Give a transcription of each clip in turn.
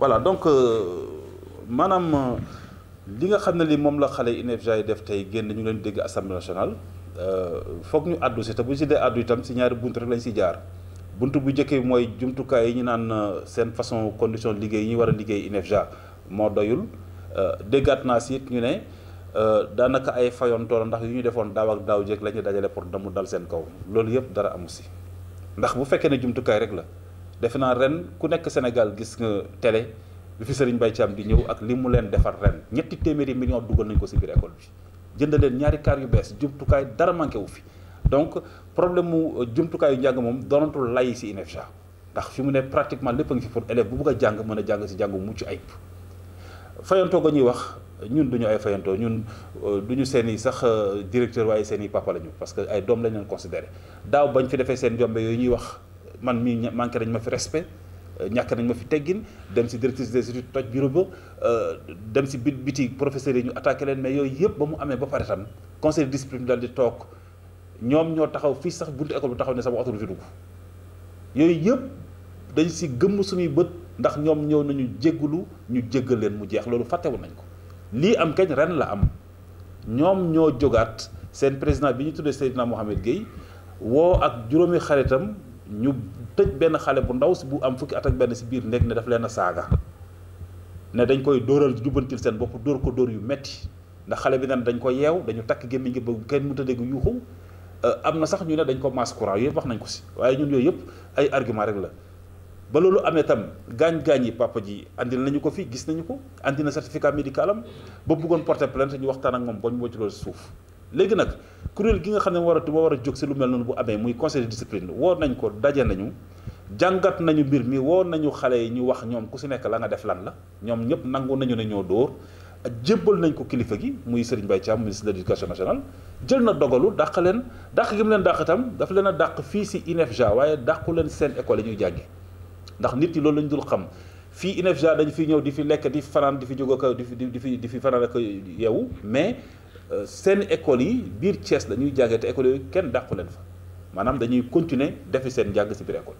voilà donc euh, maanaam euh, li nga xam ne li moom la xale INEFJA yi def tey génn ñu leen dégg assemblée nationale euh, foog ñu àddu si te bu si dee àddu itam si ñaari bunt rek lañ si jaar bunt bu njëkk mooy jumtukaay yi ñu naan seen façon condition liggéey yi war a liggéey INEFJA moo doyul déggaat naa si it ñu ne daanaka ay fayontoon ndax yu ñu defoon daaw ak daaw jéeg la ñu dajale pour damu dal seen kaw loolu yëpp dara amu si ndax bu fekkee ne jumtukaay rek la. defe naa ren ku nekk Sénégal gis nga télé bi fi Serigne bay caam di ñëw ak li mu leen defar ren ñetti téeméeri millions dugal nañ ko si biir école bi jënd leen ñaari kaar yu bees jumtukaay dara manqué wu fi donc problème mu euh, jumtukaay yu njàng moom doonatul lay si INEFJA ndax fi mu ne pratiquement lépp a ngi fi pour élève bu bëgg a jàng mën a jàng si jàngu mucc ayib fayantoo ga ñuy wax ñun duñu ay fayantoo ñun euh, du ñu seen i sax euh, directeur waaye seen i papa la ñu parce que ay doom lañ leen considéré daaw bañ fi defee seen jombe yooyu ñuy wax man mii manqué nañ ma fi respect euh, ñàkk nañ ma fi teggin dem si directrice des études toj bureau ba euh, dem si bit biti professeurs yi ñu attaqué leen mais yooyu yëpp ba mu amee ba pare tam conseil de discipline daal di toog ñoom ñoo taxaw fii sax buntu école bu taxaw ne sama oto du fi dugg yooyu yëpp dañ si gëmm suñuy bët ndax ñoom ñëw nañu jéggulu ñu jéggal leen mu jeex loolu fàttewu nañ ko lii am kañ ren la am ñoom ñoo jógaat seen président bi ñu tuddee Seydina Mohamed Gueye woo ak juróomi xaritam ñu tëj benn xale bu ndaw si bu am fukki at ak benn si biir néeg ne daf leen a saaga ne dañ koy dóoral jubbantil seen bopp dóor ko dóor yu metti ndax xale bi nag dañ ko yeew dañu takk gémmiñ gi ba kenn mënut a dégg yuuxu euh, am na sax ñu ne dañ ko masse courant yooyu wax nañ ko si waaye ñun yooyu yëpp ay argument rek la ba loolu amee tam gaañ-gaañ yi papa ji andil nañu ko fi gis nañu ko andi na certificat médical am ba bëggoon porter plainte ñu waxtaan ak moom ba ñu wëcc léegi nag kuréel gi nga xam ne war a war a jóg si lu mel noonu bu amee muy conseil de discipline woo nañ ko daje nañu jàngat nañu mbir mi woo nañu xale yi ñu wax ñoom ku si nekk la nga def lan la ñoom ñëpp nangu nañu ne ñoo dóor jébbal nañ ko kilifa gi muy Serigne Mbaye Thiam ministre de l' éducation nationale jël na dogalu dàq leen dàq gi mu leen daq itam daf leen a dàq fii si INEFJA waaye dàqu leen seen école yi ñuy jàgge ndax nit yi loolu lañ dul xam fii INEFJA dañ fi ñëw di fi lekk di fanaan di fi jóg ak di fi di fi di fi fanaan ak yeewu mais seen école yi biir Thiès dañuy jàngee te école yooyu kenn dàqu leen fa maanaam dañuy continuer defi seen njàng si biir école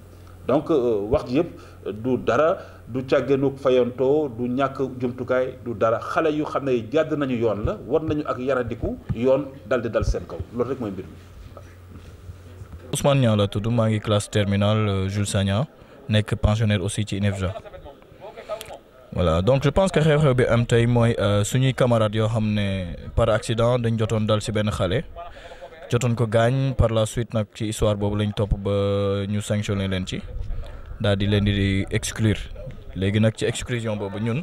donc euh, wax ji yëpp euh, du dara du càggeenu fayantoo du ñàkk jumtukaay du dara xale yu xam ne jàdd nañu yoon la war nañu ak yaradiku yoon dal di dal seen kaw loolu rek mooy mbir mi. Ousmane Niang la tudd maa ngi classe terminale euh, Jules Sagna nekk pensionnaire aussi ci INEFJA. voilà donc je pense que xew-xew bi am tey mooy euh, suñuy camarades yoo xam ne par accident dañ jotoon dal ci benn xale jotoon ko gaañ par la suite nag ci histoire boobu lañ topp ba ñu sanctionné leen ci daal di leen di exclure léegi nag ci exclusion boobu ñun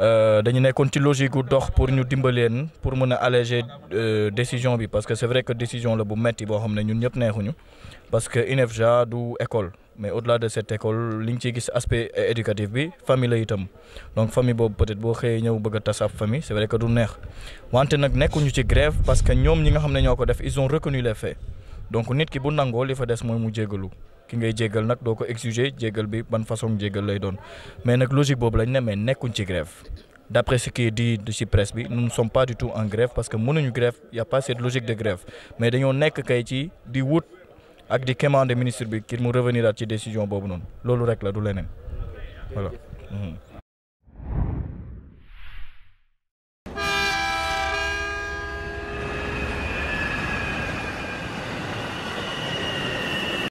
euh, dañu nekkoon ci logique gu dox pour ñu dimbaleen pour mën a alléger euh, décision bi parce que c'est vrai que décision la bu metti boo xam ne ñun ñëpp neexuñu parce que INEFJA du école. mais au la de cette école li nga ciy gis aspect éducatif bi famille la itam donc famille boobu peut-être boo xëyee ñëw bëgg a tas ab famille c'est vrai du neex wante nag nekkuñu ci grève parce que ñoom ñi nga xam ne ñoo ko def ils ont reconnu les faits donc nit ki bu nangoo li fa des mooy mu jéggalu ki ngay jéggal nag doo ko exiger jéggal bi ban façon jéggal lay doon mais nag logique boobu lañ ne mais nekkuñ ci grève d'après ce qui est dit ci presse bi nous ne sommes pas du parce que mënuñu grève y a pas mais dañoo nekk kay ci di wut ak di quémander ministre bi kii mu revenir at ci décision boobu noonu loolu rek la du leneen voilà. Mhm.